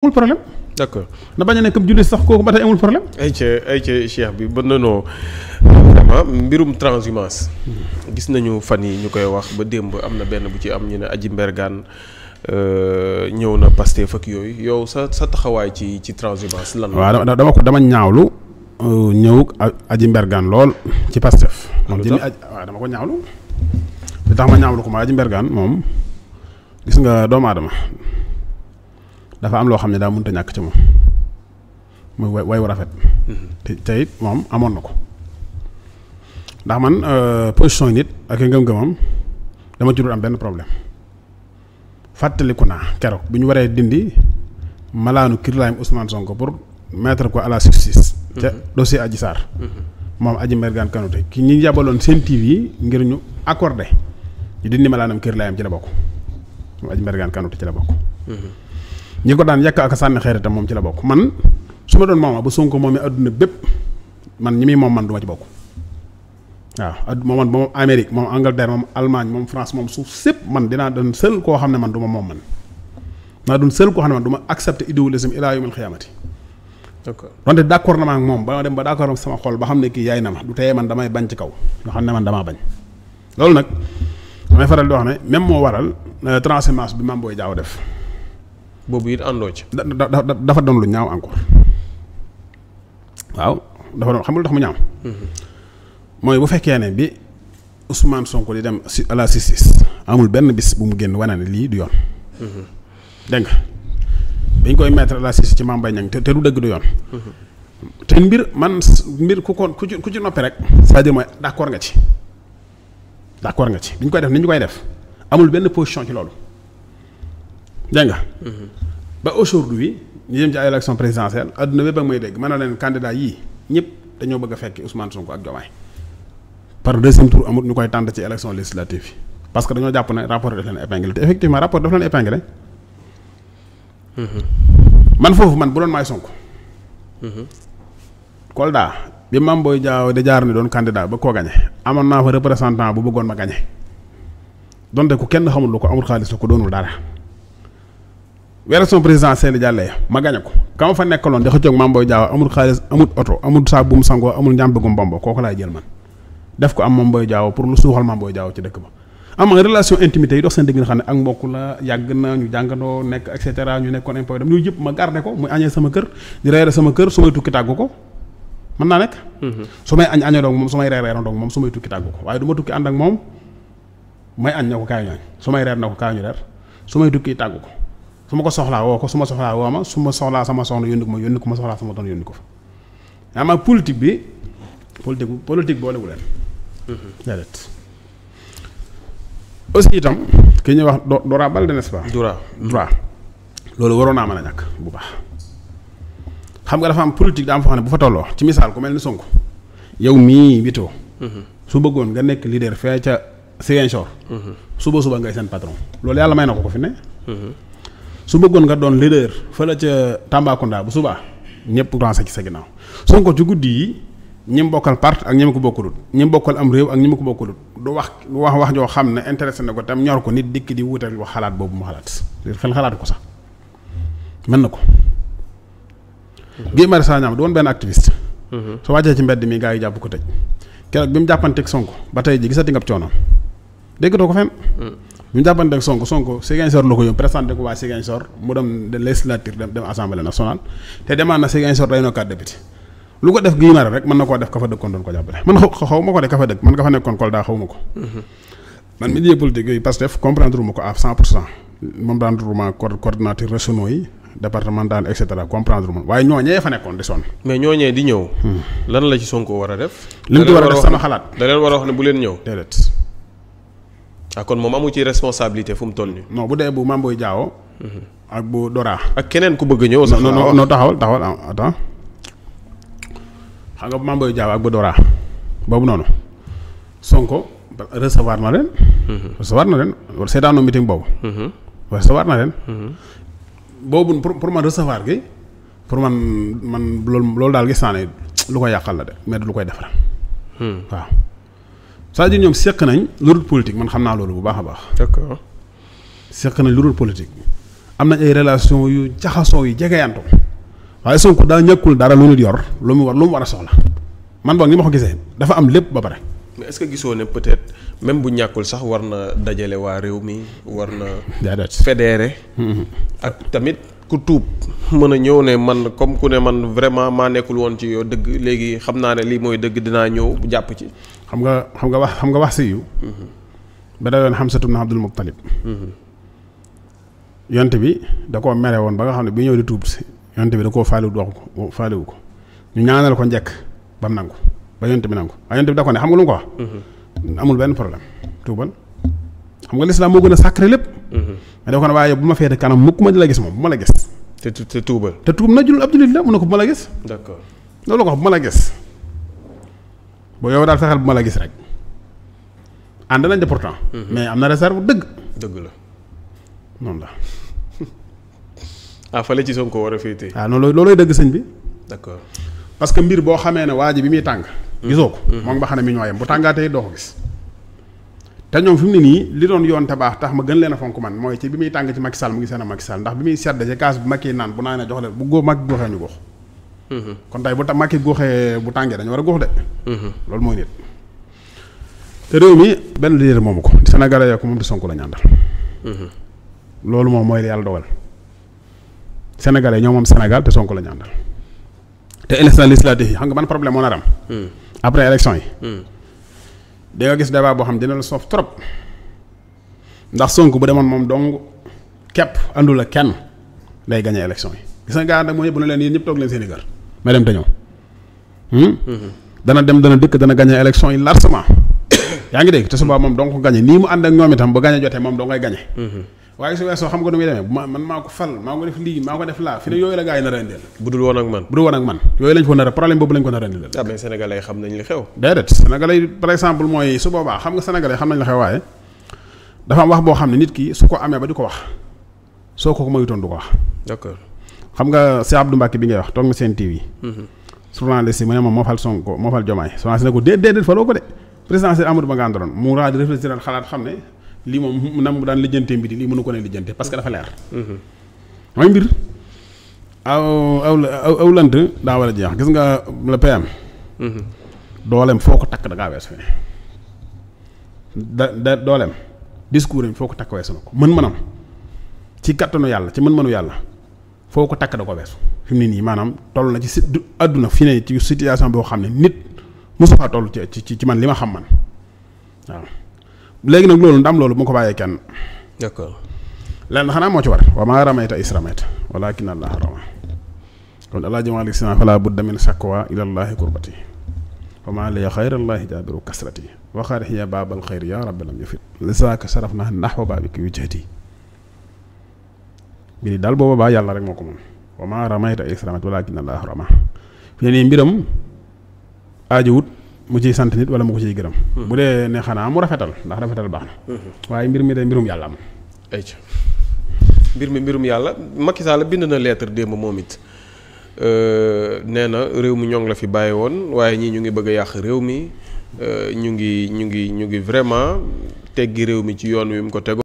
amul problème. d' accord na bañ a nekk jullit sax kooku ba tey amul problème. ay ayca cheikh bi ba nanoo vraiment mbirum transhumance. Hmm. gis nañu fan yi ñu koy wax ba démb am na benn bu ci am ñu ne aji mbergaan euh, ñëw na Pastef ak yooyu yow sa sa taxawaay ci ci transhumance lan waaw dama ko dama ñaawlu euh, ñëw aji lool ci Pastef. moom jëmi waaw dama ko ñaawlu. li tax ma ñaawlu ko ma aji mbergaan moom gis nga doomu aadama dafa am loo xam ne daa mënut te ñàkk ci moom muy wayu rafet. Mm-hmm. te tey moom amoon na ko ndax man euh, position yi nit ak ngëm-ngëmam dama ci dul am benn problème fàttaliku naa keroog bi ñu waree dindi malaanu kirlaayam Ousmane Sonko pour mettre ko à la justice. ca mm-hmm. dossier Adji Sarr. Mm-hmm. moom Adji Mergane Kanouté ki ñi yabaloon seen yi ngir ñu accordé ñu dindi malaanam kirlaayam ci la bokk moom Adji Mergane Kanouté ci la bokk. ñi ko daan yàq ak sànni xeer itam moom ci la bokk man su ma doon mooma ba Sonko moomee adduna bépp man ñi muy moom man du ma ci bokk waaw ad moom man moom Amérique moom Angleterre moom Allemagne moom France moom suuf sépp man dinaa doon seul koo xam ne man du ma moom man naa doon seul koo xam ne man du ma accepté idéalisme ilaa yumil xiyaamati d'accord donte na ma moom ba dem ba d'accord sama xol ba xam ne kii yaay na ma du teye man damay bañ ci kaw nga xam ne man dama bañ loolu nag damay faral di wax ne même moo waral euh, transhumance bi Mame Boye Diao def boobu it àndoo ci. dafa doon lu ñaaw encore waaw dafa doon xam nga mu ñaaw. Mm-hmm. mooy bu fekkee ne bi Ousmane Sonko di dem si à la amul benn bis bu mu génn wane ne lii du yoon. Mm-hmm. dégg nga dañ koy metre à la justice ci Mame Mbaye Niang te te du dëgg du yoon. Mm-hmm. te mbir man mbir ku ko ku ci ku ci noppi rek. c'est-à-dire mooy d'accord nga ci d'accord nga ci bi koy def ni ñu koy def amul benn position ci loolu. dégg nga. Mm-hmm. ba aujourd'hui ñu jëm ci ay élection présidentielle adduna bépp ak may dégg mën a leen candidat yii ñëpp dañoo bëgg a fekki Ousmane Sonko ak Diomaye par deuxième tour amut ñu koy tànn ci élection législative yi parce que dañoo jàpp ne rapport daf leen épinglé te effectivement rapport daf leen épinglé mm-hmm. man foofu man bu doon may Sonko. Mm-hmm. Kolda bi mam booy jaaw di jaar ne doon candidat ba koo gañe amoon naa fa représentant bu bëggoon ma gañe donte ku kenn lu ko amul xaalis la ko doonul dara. weerason président Seydi Diallo ma gañe ko ka ma fa nekkaloon da xëccoog Mame Boye Diao amul xaalis amul oto amul saa bu mu sangoo amul njàm bëggum bombo kooku laay jël man def ko am Mame Boye Diao pour lu suuxal Mame Boye ci dëkk ba am relation intimité yi dox seen digg nga xam ne ak mbokk la yàgg na ñu jàngandoo nekk et cetera ñu nekkoon impôt dam yooyu yëpp ma garde ko muy añee sama kër di reere sama kër su may tukki tàggu ko mën naa nekk mhm. su may añ añoo doog moom su may reer reerandoog moom su may tukki tàggu ko waaye moom may añ na ko su may reer na ko kaayu ñu reer su may tukki ko su ma ko soxlaa woo ko su ma soxlaa woo ma su ma soxlaa sama soxna yónni ko ma yónni ko ma soxlaa sama doon yónni ko fa ama politique bi politique politique boolewu leen mhm. aussi itam ki ñuy wax Dora Baldé n'est-ce pas Dora loolu waroon naa man a ñàkk bu baax xam nga dafa am politique daa am foo xam ne bu fa tolloo ci misaal ko mel ni Sonko yow mii witoo mhm. su bëggoon nga nekk leader fee ca Ziguinchor mhm. suba suba ngay seen patron loolu yàlla may na ko ko fi ne su bëggoon nga doon leader fële ca Tambacounda bu subaa ñëpp lancé ci sa ginnaaw Sonko ci guddi yi ñi mu bokkal part ak ñi ko bokkulut ñi mu bokkal am réew ak ñi mu ko bokkulut du wax du wax wax joo xam ne intéressé na ko tam ñor ko nit dikk di wutal wax xalaat boobu mu xalaat xel xalaatu ko sax mën na ko. Guy Marius Sagna du woon benn activiste. Mhm. su wàccee ci mbedd mi gaa yi jàpp ko tëj. keroog bi mu jàppanteeg sonk ba tey ji gisati nga ab coonoom ko ñu mu jàppanteeg Sonko Sonko Ziguinchor la ko yóbbu présenté ko waa Ziguinchor mu dem législature dem dem assemblée nationale te demaat na Ziguinchor day noo quatre député lu ko def Guimard rek mën na koo def ka fa dëkkoon doon ko jàppale man xaw ma ko de ka fa dëkk man ka fa nekkoon Kolda xaw ma ko. Mhm. man milieu politique yooyu Pastef comprendre ma ko à 100 pour cent moom daan ma coordinateur yi départemental et cetera waaye ñooñee hmm. xalaat da leen war ah kon moom amu ci responsabilité fu mu toll nii. non bu dee bu Mame Boye Diao. ak bu Dora. ak keneen ku bëgg ñëw. sax non non ah, taxawal taxawal ah attends xam nga bu Mame Boye Diao ak bu Dora boobu noonu Sonko recevoir na leen. Mhm. recevoir na leen seetaanu meeting boobu. Mhm. recevoir na leen. Mhm. boobu pour pour man recevoir gi pour man man loolu loolu daal gis naa ne lu koy yàqal la de mais du lu koy defar. Hmm. waaw. c'est-à-dire ñoom seq nañ lu dul politique man xam naa loolu bu baax a baax. d'accord seq nañ lu dul politique am nañ ay relation yu jaxasoo yu jegeyantoo waaye Sonko daa ñàkkul dara lu nit yor lu mu war lu mu war a soxla man boog ni ma ko gisee dafa am lépp ba pare. mais est-ce que gisoo ne peut-être même bu ñàkkul sax war na dajale waa réew mi war na. jaadaat fédéré. Mm-hmm. ak tamit. ku tuub mën a ñëw ne man comme ku ne man vraiment maa nekkul woon ci yow dëgg léegi xam naa ne lii mooy dëgg dinaa ñëw jàpp ci xam nga xam nga wax xam nga wax si yu mm-hmm. ba dayoon Xamsatu na Abdul Muttalib mm-hmm. yonte bi da koo mere woon ba nga xam ne bi ñëw di tuub si yonte bi da koo faaliwut waxu ko faaliwu ko ñu ñaanal ko njekk ba mu nangu ba yonte bi nangu waaye yonte bi da ko xam nga lu mu ko wax mm-hmm. amul benn problème nga lislaam moo gën a sacré lépp mais waaye bu ma feete kanam mukk ma di la gis moom bu ma la gis te tuubal te tuub na julul ab julit la mu ne ko bu ma la gis d'accord loolu ko bu ma la gis boo yow daal fexeel bu ma la gis rek ànd nañ de pourtant. Mhm. mais am na réserve dëgg. dëgg la noonu la. ah fële ci Sonko war a féetee. ah noonu loolooy dëgg sëñ bi. d'accord parce que mbir boo xamee ne waa ji bi muy tàng. Mhm. gisoo ko. Mhm. moom nga xam ne ñoo yem bu tàngaatee doo ko gis. te ñoom fi mu ne nii li doon yoon te baax tax ma gën leen a fonk man mooy ci bi muy tàng ci Macky Sall mu ngi seen a Macky ndax bi muy sedd ci kaas bu Macky naan bu naa ne jox leen bu góo Macky góoxee kon tey bu ta Macky góoxee bu tàngee dañu war a góox loolu mooy nit. te réew mi benn leader moomu ko Sénégal yaa ko moom di Sonko la ñu loolu moom mooy yàlla dogal. Sénégalais ñoo moom Sénégal te Sonko la ñu te élection législative yi xam nga ban problème moo nar am. après élection yi. da gis gis baa boo xam dina la soof trop. ndax sonk bu demoon moom dong kepp àndul ak kenn day gagné élection yi gis nga gaa nag mooy bu ne leen yéen ñëpp toog leen seen i dem te ñëw. Hmm? dana dem dana dëkk dana gagné élection yi largement yaa ngi dégg te suba moom dong ko gagné nii mu ànd ak ñoom itam ba gagné jotee moom dong ngay gagné mm-hmm. waaye su weesoo xam nga nu muy demee ma man maa ko fal maa ko def lii maa ko def a a a ah, xam nga sénégalais xam wax boo xam ne nit ki su ko amee ba di ko wax soo ko moytoon du ko wax d'accord xam nga Cheikh Abdou Mbacké bi ngay wax toog na seen yi journaliste yi mu ne ma moo fal Sonko moo fal Jomaay journaliste faloo ko de présidentiel Amadou Ba nga àndaloon mu raadi réfléchir xalaat xam ne li moom nam mu daan lijjantee mbir yi lii ko ne lijjante parce dafa leer mm-hmm. mooy mbir aw aw lant daa war a jeex gis nga le PM mm-hmm. dooleem foo ko takk da ngaa weesu fene da da dooleem discours am foo ko takk weesu na ko mën-mënam ci kattanu yàlla ci mën-mënu yàlla foo ko takk da ko weesu fi nii maanaam toll na ci si àdduna fi ne ci situation boo xam ne nit mosu faa toll ci ci ci man li ma xam man waaw léegi nag loolu ndam loolu bu ma ko bàyyee kenn. d'accord lenn xanaa moo ci war wa maa ramayta is ramayta walaakin allah rama kon allah jamaal islam fala budda min sakwa ila allahi kurbati wa maa liya xayra allahi jaabiru kasrati wa xaarixiya baabal xayri yaa rabbi lam yafit lisaaka saraf na naxwa baabiki wijhati mbiri daal booba baa yàlla rek moo ko moom wa maa ramayta is ramayta walaakin allaahu rama fi ne nii mbiram aajowut mu ci sant nit wala mu ko ciy gërëm hmm. dee ne xanaa mu rafetal ndax rafetal baax na hmm. waaye mbir mi day mbirum yàlla am mi mbirum yàlla Macky Sall bind na lettre démb moom it euh, nee na réew mi ñoo la fi bàyyi woon waaye ñii ñu ngi bëgg yàq réew mi euh, ñu ngi ñu ngi ñu ngi vraiment teggi réew mi ci yoon wi mu ko tego